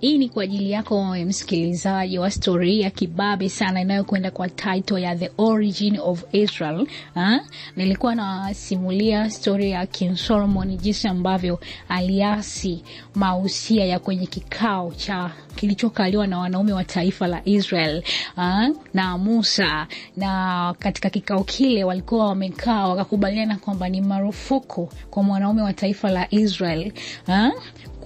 Hii ni kwa ajili yako wewe msikilizaji wa stori ya kibabe sana inayokwenda kwa title ya The Origin of Israel. Ha? Nilikuwa nasimulia stori ya King Solomon jinsi ambavyo aliasi mausia ya kwenye kikao cha kilichokaliwa na wanaume wa taifa la Israel ha? na Musa, na katika kikao kile walikuwa wamekaa wakakubaliana kwamba ni marufuku kwa mwanaume wa taifa la Israel ha?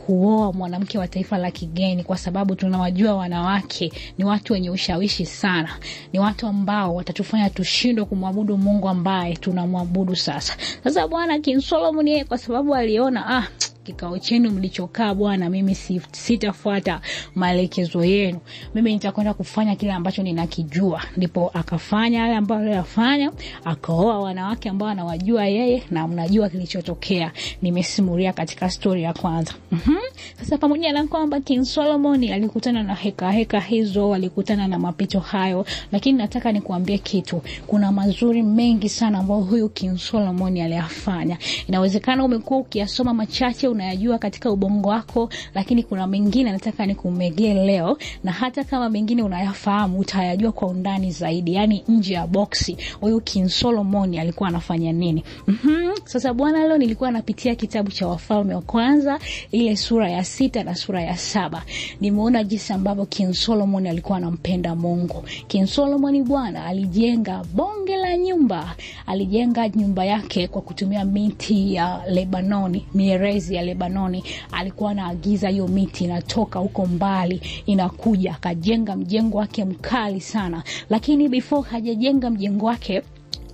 kuoa mwanamke wa taifa la kigeni, kwa sababu tunawajua wanawake ni watu wenye ushawishi sana, ni watu ambao watatufanya tushindwe kumwabudu Mungu ambaye tunamwabudu sasa. Sasa Bwana King yeye kwa sababu aliona ah kikao chenu mlichokaa, bwana, mimi sitafuata maelekezo yenu, mimi nitakwenda kufanya kile ambacho ninakijua. Ndipo akafanya yale ambayo aliyafanya akaoa wanawake ambao anawajua yeye, na mnajua kilichotokea. Nimesimulia katika stori ya kwanza. mm-hmm. Sasa pamoja na kwamba King Solomon alikutana na heka heka hizo, alikutana na mapito hayo, lakini nataka nikuambie kitu, kuna mazuri mengi sana ambayo huyu King Solomon aliyafanya. Inawezekana umekuwa ukiyasoma machache, unayajua katika ubongo wako, lakini kuna mengine nataka nikumegee leo, na hata kama mengine unayafahamu utayajua kwa undani zaidi, yani nje ya boksi, huyu King Solomon alikuwa anafanya nini? mm -hmm. Sasa bwana, leo nilikuwa napitia kitabu cha Wafalme wa Kwanza ile sura sura ya sita na sura ya saba nimeona jinsi ambavyo King Solomon alikuwa anampenda Mungu. King Solomon bwana alijenga bonge la nyumba, alijenga nyumba yake kwa kutumia miti ya Lebanoni, mierezi ya Lebanoni. Alikuwa anaagiza hiyo miti inatoka huko mbali inakuja, akajenga mjengo wake mkali sana, lakini before hajajenga mjengo wake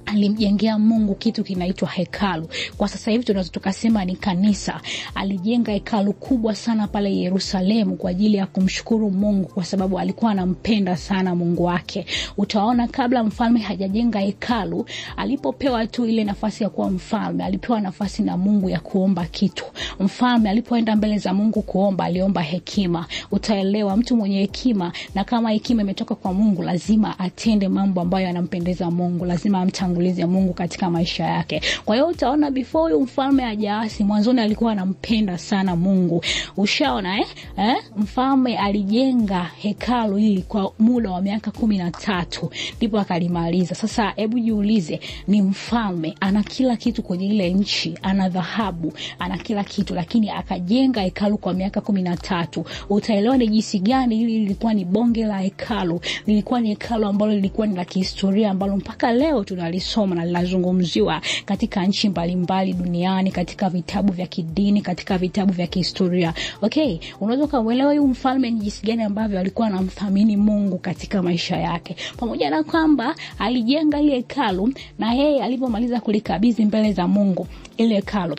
alimjengea Mungu kitu kinaitwa hekalu. Kwa sasa hivi tunaweza tukasema ni kanisa. Alijenga hekalu kubwa sana pale Yerusalemu kwa ajili ya kumshukuru Mungu, kwa sababu alikuwa anampenda sana Mungu wake. Utaona kabla mfalme hajajenga hekalu, alipopewa tu ile nafasi ya kuwa mfalme, alipewa nafasi na Mungu ya kuomba kitu. Mfalme alipoenda mbele za Mungu kuomba, aliomba hekima. Utaelewa mtu mwenye hekima, na kama hekima imetoka kwa Mungu, lazima atende mambo ambayo yanampendeza Mungu, lazima amtangaze mashambulizi ya Mungu katika maisha yake. Kwa hiyo utaona before huyu mfalme ajaasi, mwanzoni alikuwa anampenda sana Mungu. Ushaona eh? Eh? Mfalme alijenga hekalu hili kwa muda wa miaka kumi na tatu ndipo akalimaliza. Sasa hebu jiulize, ni mfalme ana kila kitu kwenye ile nchi, ana dhahabu, ana kila kitu, lakini akajenga hekalu kwa miaka kumi na tatu. Utaelewa ni jinsi gani hili lilikuwa ni bonge la hekalu, lilikuwa ni hekalu ambalo lilikuwa ni la kihistoria ambalo mpaka leo tunalis tunalisoma na linazungumziwa katika nchi mbalimbali duniani, katika vitabu vya kidini, katika vitabu vya kihistoria. Okay, unaweza ukauelewa huyu mfalme ni jinsi gani ambavyo alikuwa anamthamini Mungu katika maisha yake, pamoja na kwamba alijenga ile hekalu, na yeye alipomaliza kulikabidhi mbele za Mungu ile hekalu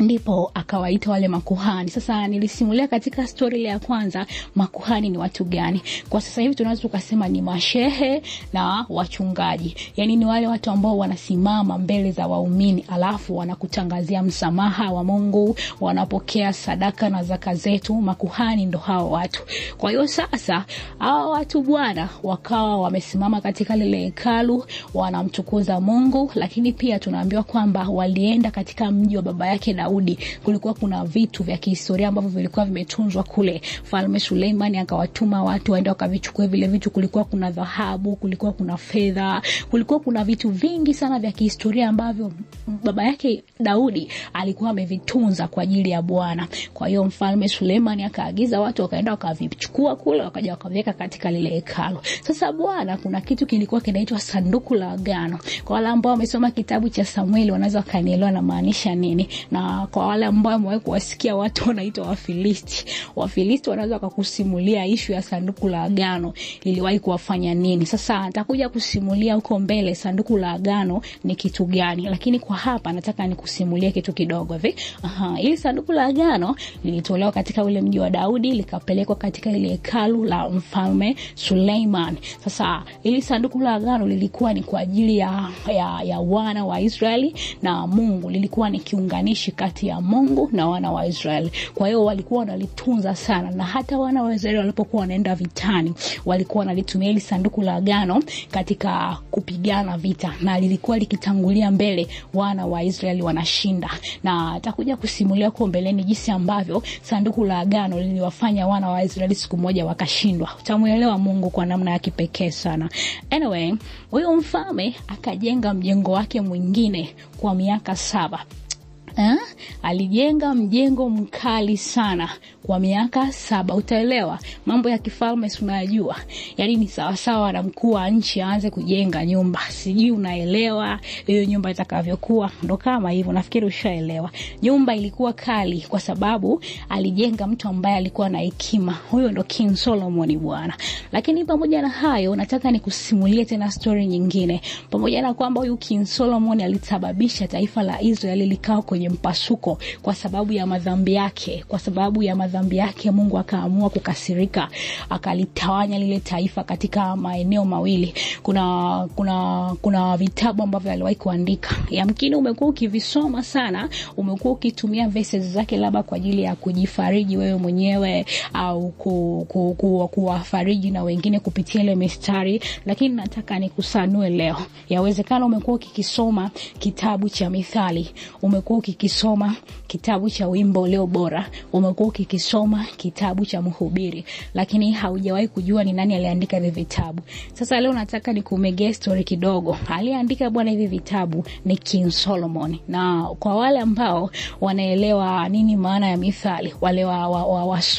ndipo akawaita wale makuhani. Sasa nilisimulia katika stori ile ya kwanza makuhani ni watu gani. Kwa sasa hivi tunaweza tukasema ni mashehe na wachungaji, yaani ni wale watu ambao wanasimama mbele za waumini, alafu wanakutangazia msamaha wa Mungu, wanapokea sadaka na zaka zetu. Makuhani ndo hao watu. Kwa hiyo sasa hawa watu bwana, wakawa wamesimama katika lile hekalu wanamtukuza Mungu, lakini pia tunaambiwa kwamba walienda katika mji wa baba yake na Daudi, kulikuwa kuna vitu vya kihistoria ambavyo vilikuwa vimetunzwa kule. Mfalme Suleimani akawatuma watu waende wakavichukue vile vitu. Kulikuwa kuna dhahabu, kulikuwa kuna fedha, kulikuwa kuna vitu vingi sana vya kihistoria ambavyo baba yake Daudi alikuwa amevitunza kwa ajili ya Bwana. Kwa hiyo mfalme Suleimani akaagiza watu wakaenda wakavichukua kule, wakaja wakaviweka katika lile hekalu. Sasa Bwana, kuna kitu kilikuwa kinaitwa sanduku la agano. Kwa wale ambao wamesoma kitabu cha Samueli wanaweza wakanielewa namaanisha nini na kwa wale ambao wamewahi kuwasikia watu wanaitwa Wafilisti, Wafilisti wanaweza wakakusimulia ishu ya sanduku la agano liliwahi kuwafanya nini. Sasa ntakuja kusimulia huko mbele sanduku la agano ni kitu gani, lakini kwa hapa nataka nikusimulie kitu kidogo hivi. Aha, ili sanduku la agano lilitolewa katika ule mji wa Daudi likapelekwa katika ile hekalu la mfalme Suleiman. Sasa ili sanduku la agano lilikuwa ni kwa ajili ya, ya, ya wana wa Israeli na Mungu, lilikuwa ni kiunganishi kati ya Mungu na wana wa Israeli. Kwa hiyo walikuwa wanalitunza sana, na hata wana wa Israeli walipokuwa wanaenda vitani walikuwa wanalitumia hili sanduku la agano katika kupigana vita, na lilikuwa likitangulia mbele, wana wa Israeli wanashinda. Na atakuja kusimulia huko mbeleni jinsi ambavyo sanduku la agano liliwafanya wana wa Israeli siku moja wakashindwa. Utamuelewa Mungu kwa namna ya kipekee sana. Anyway, huyo mfalme akajenga mjengo wake mwingine kwa miaka saba eh, alijenga mjengo mkali sana kwa miaka saba. Utaelewa mambo ya kifalme sunayajua yani ni sawasawa na mkuu wa nchi aanze kujenga nyumba, sijui unaelewa hiyo nyumba itakavyokuwa, ndo kama hivyo. Nafikiri ushaelewa. Nyumba ilikuwa kali kwa sababu alijenga mtu ambaye alikuwa na hekima, huyo ndo King Solomon bwana. Lakini pamoja na hayo, nataka nikusimulie tena stori nyingine, pamoja na kwamba huyu King Solomon alisababisha taifa la Israeli likawa kwenye mpasuko kwa sababu ya madhambi yake, kwa sababu ya madhambi dhambi yake mungu akaamua kukasirika akalitawanya lile taifa katika maeneo mawili kuna kuna kuna vitabu ambavyo aliwahi kuandika yamkini umekuwa ukivisoma sana umekuwa ukitumia verses zake labda kwa ajili ya kujifariji wewe mwenyewe au ku, ku, ku, kuwafariji na wengine kupitia ile mistari lakini nataka nikusanue leo yawezekana umekuwa ukikisoma kitabu cha mithali umekuwa ukikisoma kitabu cha wimbo leo bora umekuwa ukikisoma umesoma kitabu cha Mhubiri, lakini haujawahi kujua ni nani aliandika hivi vitabu. Sasa leo nataka nikumegee story kidogo. Aliyeandika bwana hivi vitabu ni King Solomon, na kwa wale ambao wanaelewa nini maana ya mithali, wale wasomi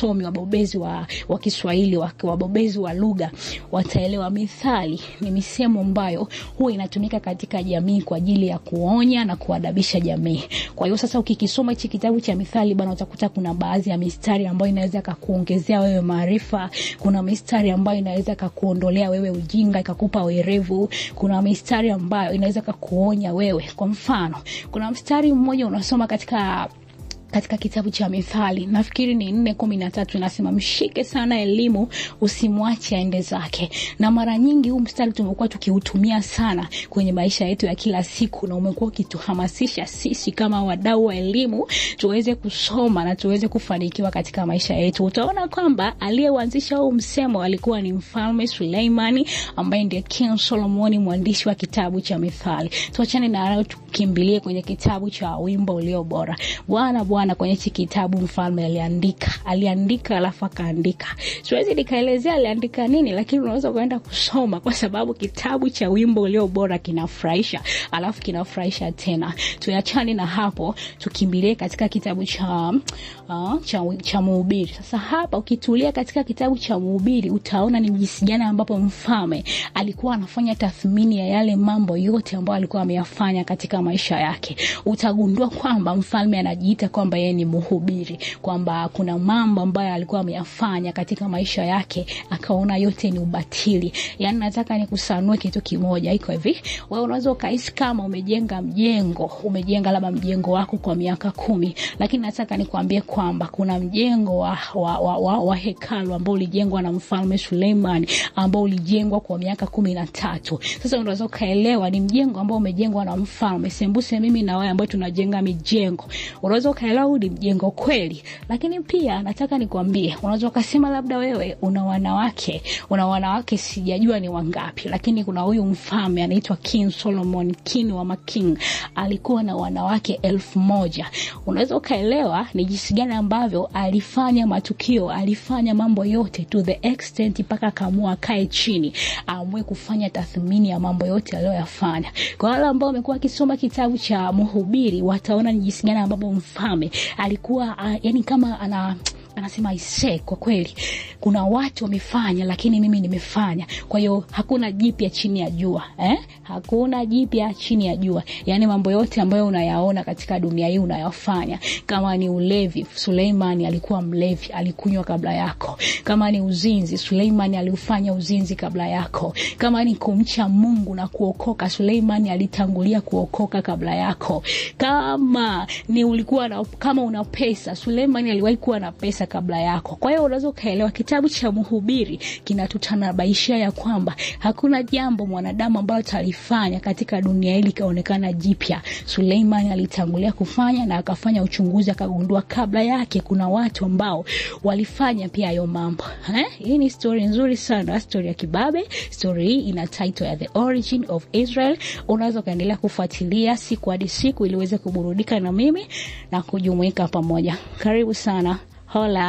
wa, wa, wa wabobezi wa, wa Kiswahili wabobezi wa, wa lugha wataelewa mithali ni misemo ambayo huwa inatumika katika jamii kwa ajili ya kuonya na kuadabisha jamii. Kwa hiyo sasa ukikisoma hichi kitabu cha mithali bwana, utakuta kuna baadhi ya mistari mistari ambayo inaweza kakuongezea wewe maarifa. Kuna mistari ambayo inaweza kakuondolea wewe ujinga, ikakupa werevu. Kuna mistari ambayo inaweza kakuonya wewe. Kwa mfano, kuna mstari mmoja unasoma katika katika kitabu cha Mithali nafikiri ni nne kumi na tatu inasema mshike sana elimu, usimwache aende zake. Na mara nyingi huu mstari tumekuwa tukiutumia sana kwenye maisha yetu ya kila siku, na umekuwa ukituhamasisha sisi kama wadau wa elimu tuweze kusoma na tuweze kufanikiwa katika maisha yetu. Utaona kwamba aliyeuanzisha huu msemo alikuwa ni Mfalme Suleimani ambaye ndiye King solomoni mwandishi wa kitabu cha Mithali. Tuachane na hayo, tukimbilie kwenye kitabu cha Wimbo Ulio Bora. Bwana Bwana kwenye hichi kitabu mfalme aliandika, aliandika alafu akaandika. Siwezi nikaelezea aliandika nini, lakini unaweza kuenda kusoma, kwa sababu kitabu cha wimbo ulio bora kinafurahisha, alafu kinafurahisha tena. Tuyachane na hapo, tukimbilie katika kitabu cha uh, cha, cha Mhubiri. Sasa hapa ukitulia katika kitabu cha Mhubiri utaona ni jinsi gani ambapo mfalme alikuwa anafanya tathmini ya yale mambo yote ambayo alikuwa ameyafanya katika maisha yake. Utagundua kwamba mfalme anajiita kwa kwamba yeye ni mhubiri, kwamba kuna mambo ambayo alikuwa ameyafanya katika maisha yake akaona yote ni ubatili. Yani nataka nikusanue kitu kimoja, iko hivi, wewe unaweza ukahisi kama umejenga mjengo, umejenga labda mjengo wako kwa miaka kumi, lakini nataka nikwambie kwamba kuna mjengo wa, wa, wa, wa, wa hekalu ambao ulijengwa na mfalme Suleiman ambao ulijengwa kwa miaka kumi na tatu. Sasa unaweza ukaelewa ni mjengo ambao umejengwa na mfalme, sembuse mimi na wewe ambao tunajenga mijengo, unaweza ukaelewa angalau ni mjengo kweli. Lakini pia nataka nikwambie, unaweza ukasema labda wewe una wanawake, una wanawake sijajua ni wangapi, lakini kuna huyu mfalme anaitwa King Solomon, king wa making, alikuwa na wanawake elfu moja. Unaweza ukaelewa ni jinsi gani ambavyo alifanya matukio, alifanya mambo yote to the extent mpaka akaamua akae chini aamue kufanya tathmini ya mambo yote aliyoyafanya. Kwa wale ambao wamekuwa wakisoma kitabu cha Mhubiri wataona ni jinsi gani ambavyo mfalme alikuwa uh, yani kama ana anasema ise kwa kweli kuna watu wamefanya, lakini mimi nimefanya. Kwa hiyo hakuna jipya chini ya jua eh? Hakuna jipya chini ya jua, yaani mambo yote ambayo unayaona katika dunia hii unayofanya Kama ni ulevi, Suleimani alikuwa mlevi, alikunywa kabla yako. Kama ni uzinzi, Suleimani aliufanya uzinzi kabla yako. Kama ni kumcha Mungu na kuokoka, Suleimani alitangulia kuokoka kabla yako. Kama ni ulikuwa na, kama una pesa, Suleimani aliwahi kuwa na pesa kabla yako. Kwa hiyo unaweza ukaelewa kitabu cha Mhubiri kinatutanabaishia ya kwamba hakuna jambo mwanadamu ambalo atalifanya katika dunia hili kaonekana jipya. Suleiman alitangulia kufanya na akafanya uchunguzi, akagundua kabla yake kuna watu ambao walifanya pia hayo mambo eh? Hii ni story nzuri sana, story ya kibabe. Story hii ina title ya The Origin of Israel. Unaweza kaendelea kufuatilia siku hadi siku ili uweze kuburudika na mimi na kujumuika pamoja. Karibu sana. Hola.